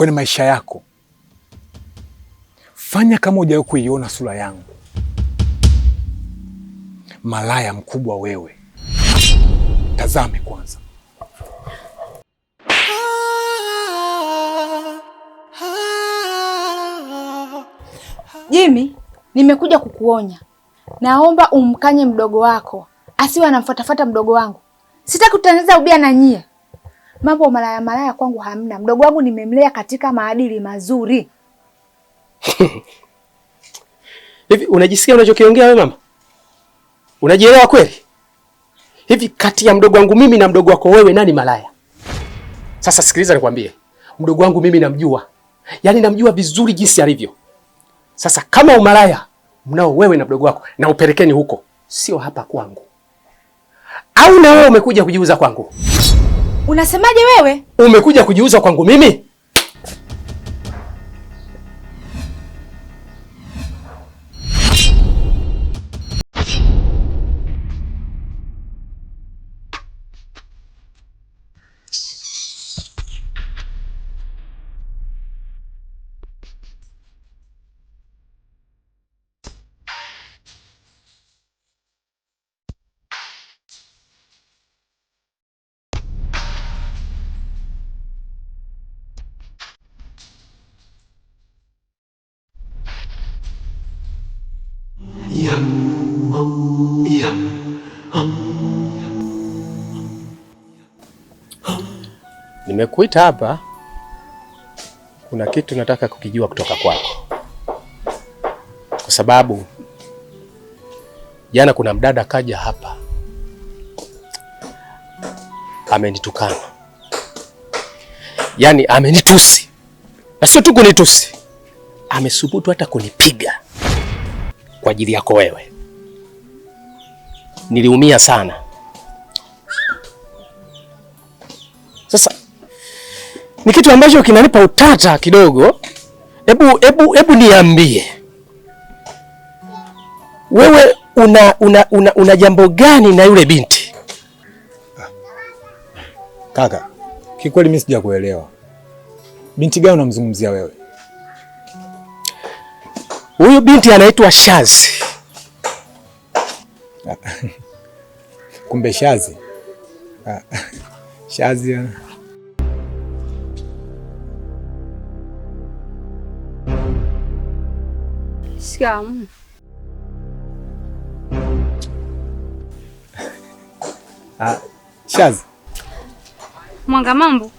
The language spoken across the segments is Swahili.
kwenye maisha yako, fanya kama hujawahi kuiona sura yangu. Malaya mkubwa wewe, tazame kwanza. Jimmy, nimekuja kukuonya. Naomba umkanye mdogo wako asiwe anamfuatafuata mdogo wangu. Sitaki kutengeneza ubia na nyie. Mambo malaya malaya kwangu hamna. Mdogo wangu nimemlea katika maadili mazuri. Hivi unajisikia unachokiongea wewe mama? Unajielewa kweli? Hivi kati ya mdogo wangu mimi na mdogo wako wewe nani malaya? Sasa sikiliza nikwambie. Mdogo wangu mimi namjua. Yaani namjua vizuri jinsi alivyo. Sasa kama umalaya mnao wewe na mdogo wako na upelekeni huko, sio hapa kwangu. Au na wewe umekuja kujiuza kwangu? Unasemaje wewe? Umekuja kujiuza kwangu mimi? Nimekuita hapa, kuna kitu nataka kukijua kutoka kwako, kwa sababu jana kuna mdada kaja hapa amenitukana, yaani amenitusi, na sio tu kunitusi, amesubutu hata kunipiga kwa ajili yako wewe. Niliumia sana ni kitu ambacho kinanipa utata kidogo. Hebu hebu hebu niambie wewe, una una, una, una jambo gani na yule binti ah, kaka? Kikweli mimi sijakuelewa. Binti gani unamzungumzia wewe? Huyu binti anaitwa Shazi. Ah, kumbe Shazi. Ah, Shazi Shikamoo. Ah, Mwanga mambo.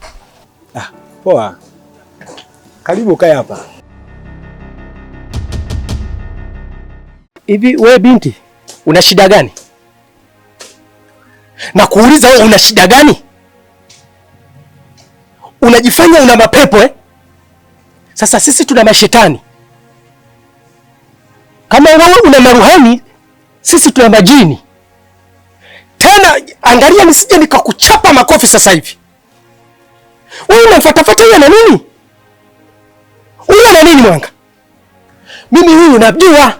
Ah, poa. Karibu kae hapa. Hivi we binti, una shida gani? Na kuuliza wewe una shida gani? Unajifanya una mapepo eh? Sasa sisi tuna mashetani kama wewe una maruhani, sisi tuna majini. Tena angalia nisije nikakuchapa makofi sasa hivi. Wewe unamfatafata yeye na nini? Huyu na nini mwanga? Mimi huyu najua.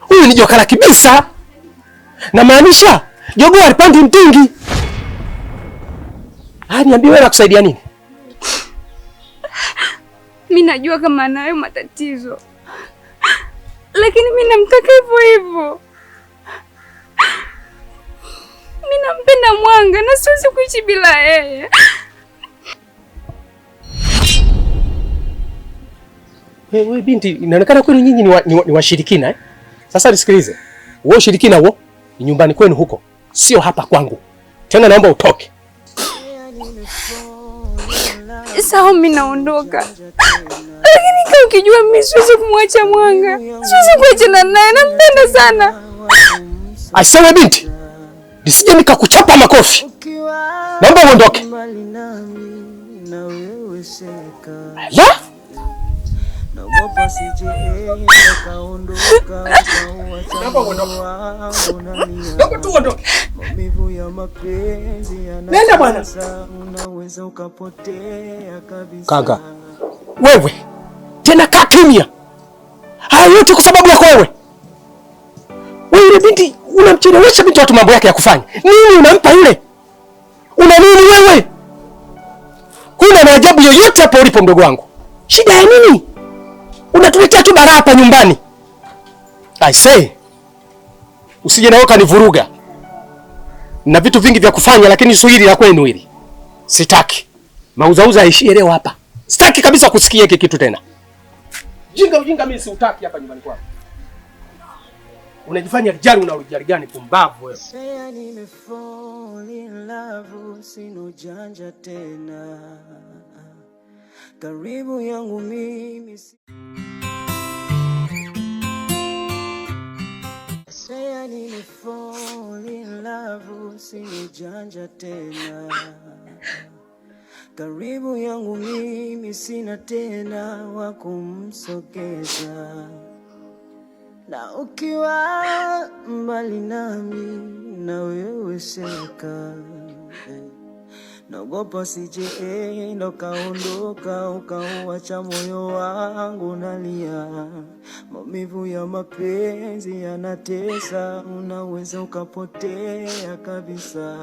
Huyu ni jokala kibisa. Na maanisha jogoo alipandi mtingi. Ah, niambie wewe nakusaidia nini? Mimi najua kama nayo matatizo lakini mi namtaka hivyo hivyo. Mi nampenda Mwanga na siwezi kuishi bila yeye. Wewe we, binti, inaonekana kwenu nyinyi ni washirikina wa, wa eh? Sasa nisikilize wewe, ushirikina huo ni nyumbani kwenu huko, sio hapa kwangu tena. Naomba utoke sawa, mimi naondoka, lakini kama ukijua mimi siwezi kumwacha Mwanga, siwezi kuachana naye, nampenda sana. Aisewe binti, nisije nikakuchapa makofi, naomba uondoke. Nenda Kaka wewe tena kaa kimya, haya yote kwa sababu yako wewe. binti unamchelewesha binti watu mambo yake ya kufanya nini? Unampa yule, una nini wewe? Huna maajabu yoyote hapo ulipo, mdogo wangu. Shida ya nini? unatuletea tu balaa hapa nyumbani. I say usije na nawe nivuruga na vitu vingi vya kufanya, lakini sio hili la kwenu hili sitaki. Mauzauza aishie leo hapa, sitaki kabisa kusikia hiki kitu tena. Jinga ujinga mimi siutaki hapa nyumbani kwako. Unajifanya kijana una ujari gani? Pumbavu wewe. Nimefall in tena karibu yangu mimi sinijanja tena karibu yangu mimi sina tena wa kumsogeza, na ukiwa mbali nami na wewe seka naogopa sijeenda eh, ukaondoka ukauacha moyo wangu nalia. Maumivu ya mapenzi yanatesa, unaweza ukapotea kabisa.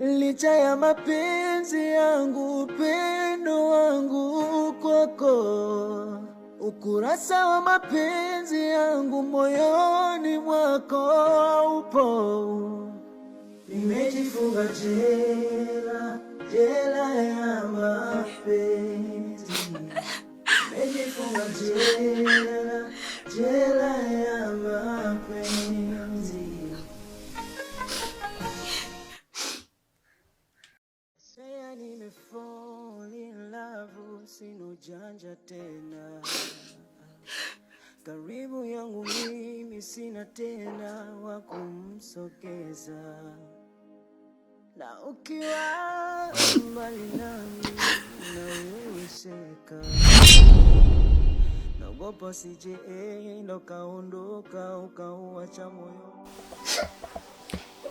Licha ya mapenzi yangu, upendo wangu kwako ukurasa wa mapenzi yangu moyoni mwako upo nimejifunga jela, jela ya mapenzi, nimejifunga jela, jela ya mapenzi. Sasa nimefall in love, sina janja tena karibu yangu mimi sina tena wa kumsogeza.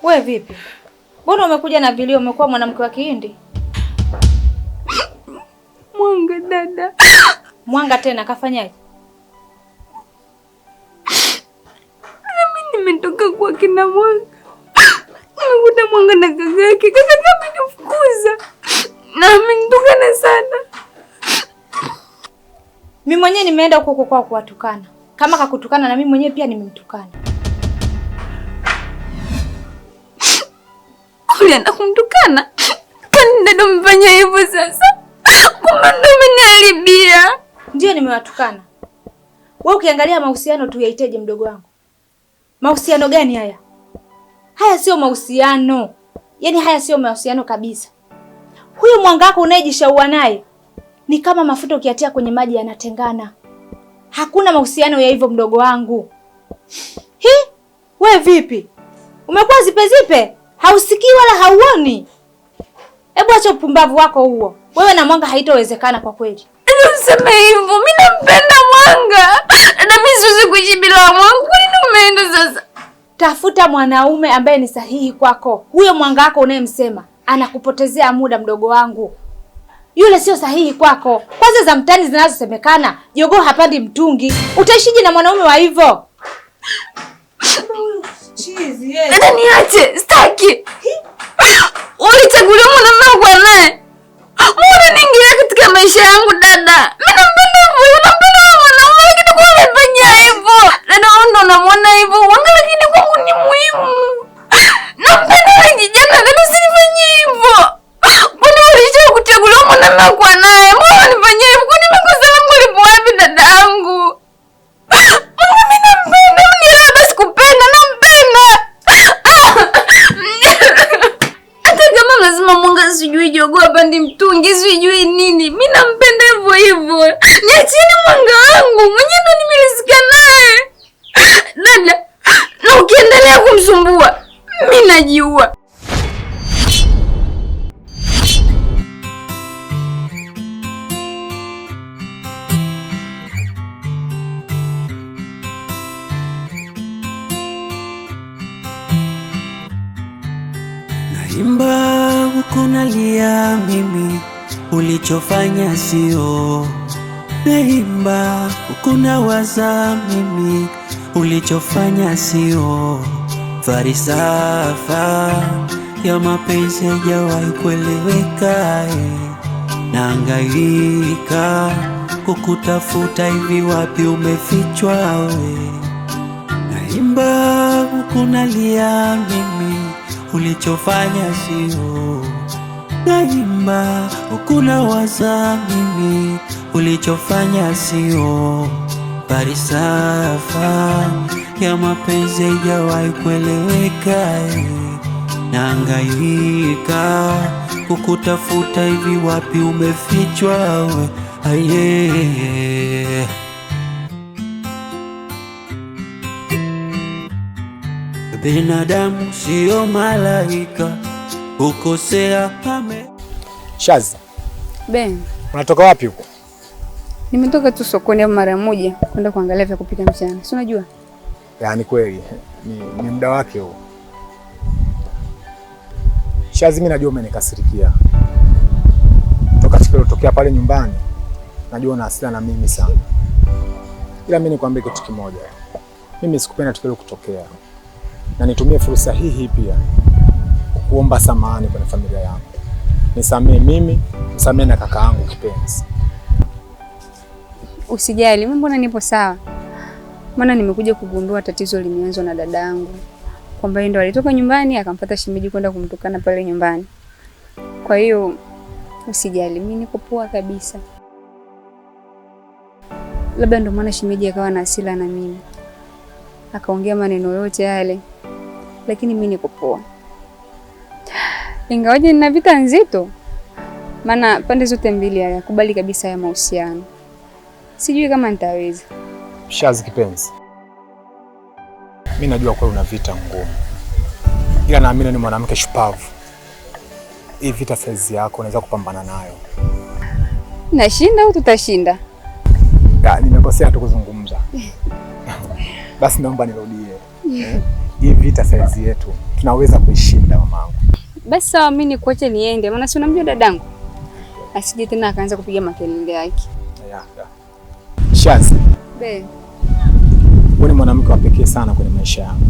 We vipi? Mbona umekuja na vilio? Umekuwa mwanamke wa Kihindi? Mwanga dada, Mwanga tena kafanyaje? Mimi nimetoka kwa kina Mwanga kuna Mwanga na kaka yake, kaka amenifukuza na amenitukana sana. Mimi mwenyewe nimeenda huko huko kwao kuwatukana, kama kakutukana na mimi mwenyewe pia nimemtukana. Ulienda kumtukana? Kwani ndio mfanya hivyo sasa? Kumbe ndio umeniharibia. Ndio nimewatukana. Wewe ukiangalia mahusiano tu tuyaiteje, mdogo wangu? Mahusiano gani haya? Haya sio mahusiano, yaani haya sio mahusiano kabisa. Huyu mwanga wako unayejishaua naye ni kama mafuta ukiatia kwenye maji yanatengana. Hakuna mahusiano ya hivyo, mdogo wangu. Hi, we vipi, umekuwa zipezipe? Hausikii wala hauoni? Hebu acha upumbavu wako huo. Wewe na Mwanga haitowezekana kwa kweli. Useme hivyo, mimi nampenda Mwanga na mimi siwezi kuishi bila Mwanga. Kwani umeenda sasa Tafuta mwanaume ambaye ni sahihi kwako. Huyo mwanga wako unayemsema anakupotezea muda, mdogo wangu, yule sio sahihi kwako. Kwanza za mtani zinazosemekana, jogoo hapandi mtungi. Utaishije na mwanaume wa hivyo? Dada, eh. niache, sitaki. Ulichaguliwa mwanaume kwa naye, mbona niingilia katika maisha yangu dada? kujiogopa, ndi mtungi sijui nini. Mi nampenda hivyo hivyo, niacheni mwanga wangu mwenye ndo nimerizika naye. Dada, na ukiendelea kumsumbua mi najiua. Imba huko nalia mimi, ulichofanya sio naimba huko waza mimi, ulichofanya sio farisafa ya mapenzi hajawahi kueleweka, eh. naangaika kukutafuta hivi, wapi umefichwa we, eh. naimba huko nalia mimi ulichofanya sio daima, ukuna waza mimi ulichofanya sio barisafa ya mapenzi haijawahi kueleweka, naangaika kukutafuta hivi, wapi umefichwa we aye binadamu sio malaika, ukosea pame. Shaza Ben, unatoka wapi huko? Nimetoka tu sokoni hapo mara moja kwenda kuangalia vya kupika mchana, si unajua yaani kweli ni, ni muda wake huo. Shazi, mi najua umenikasirikia toka siku iliyotokea pale nyumbani, najua una hasira na mimi sana, ila mi nikwambie kitu kimoja, mimi sikupenda tukio kutokea na nitumie fursa hii hii pia kukuomba samahani kwenye familia yangu. Nisamee mimi, nisamee na kaka yangu kipenzi. Usijali, mimi mbona nipo sawa, maana nimekuja kugundua tatizo limeanzwa na dada yangu kwamba yeye ndo alitoka nyumbani akampata shemeji kwenda kumtukana pale nyumbani. Kwa hiyo usijali, mimi niko poa kabisa. Labda ndo maana shemeji akawa na hasira na mimi akaongea maneno yote yale lakini mi niko poa, ingawaje nina vita nzito, maana pande zote mbili hayakubali kabisa ya mahusiano. Sijui kama nitaweza. Shazi kipenzi, mi najua kweli una vita ngumu, ila naamini ni mwanamke shupavu. Hii vita saizi yako unaweza kupambana nayo. Nashinda au tutashinda? Nimekosea tu kuzungumza. Basi naomba nirudie. hii vita saizi yetu tunaweza kuishinda mamangu. Basi sawa, mimi nikuache niende, maana si unamjua dadangu, asije tena akaanza kupiga makelele yake. Shazi, wewe ni mwanamke wa pekee sana kwenye maisha yangu.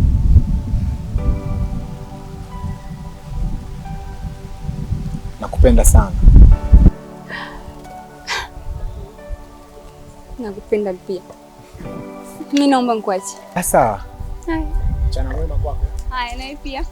Nakupenda sana. Nakupenda pia. Mimi naomba nikuache. Sasa. Hai. Mchana mwema kwako. Haya, nawe pia.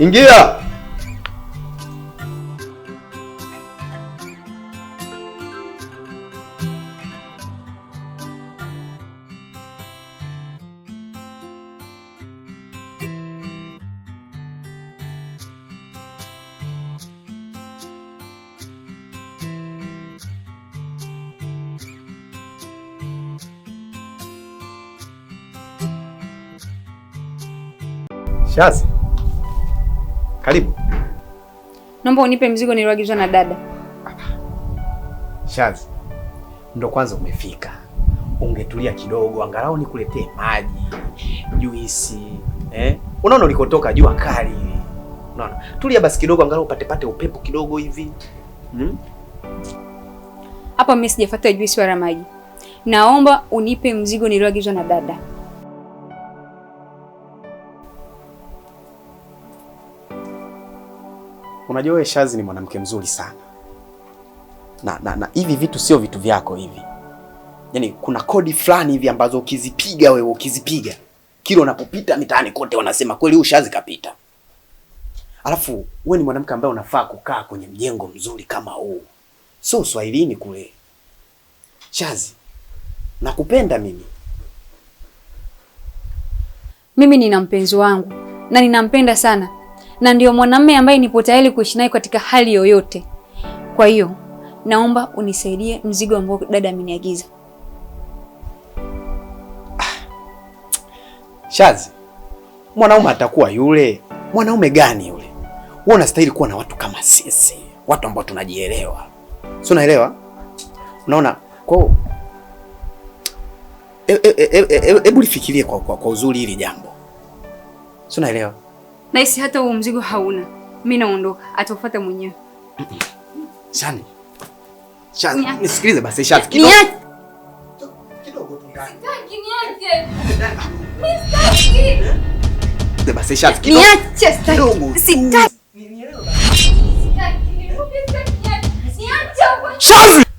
인기야! Shazi, karibu. Naomba unipe mzigo nilioagizwa na dada. Shazi, ndo kwanza umefika, ungetulia kidogo, angalau nikuletee maji, juisi eh? Unaona ulikotoka jua kali, unaona. Tulia basi kidogo, angalau upate pate upepo kidogo hivi hmm? hapa. Hmm? Mimi sijafuata juisi wala maji, naomba unipe mzigo nilioagizwa na dada. Unajua wewe Shazi ni mwanamke mzuri sana na, na, na hivi vitu sio vitu vyako hivi. Yaani kuna kodi fulani hivi ambazo ukizipiga wewe ukizipiga kila unapopita mitaani kote wanasema kweli huyu Shazi kapita. Alafu wewe ni mwanamke ambaye unafaa kukaa kwenye mjengo mzuri kama huu. Sio uswahilini kule. Shazi, nakupenda mimi. Mimi nina mpenzi wangu na ninampenda sana na ndio mwanamume ambaye nipo tayari kuishi naye katika hali yoyote. Kwa hiyo naomba unisaidie mzigo ambao dada ameniagiza. Ah, Shazi, mwanaume atakuwa yule mwanaume gani yule? Wewe unastahili kuwa na watu kama sisi, watu ambao tunajielewa, si unaelewa? Unaona, kwa hiyo e, e, e, hebu lifikirie kwa, kwa, kwa uzuri hili jambo, si unaelewa? Naisi hata huo mzigo hauna. Mimi naondoka, atafuata mwenyewe. Shani. Shani, nisikilize basi Shani. Kidogo. Kidogo tu ndani. Sitaki niache. Mimi sitaki. Kidogo basi Shani. Niache sitaki. Sitaki. Nielewe basi. Sitaki. Niache. Shani.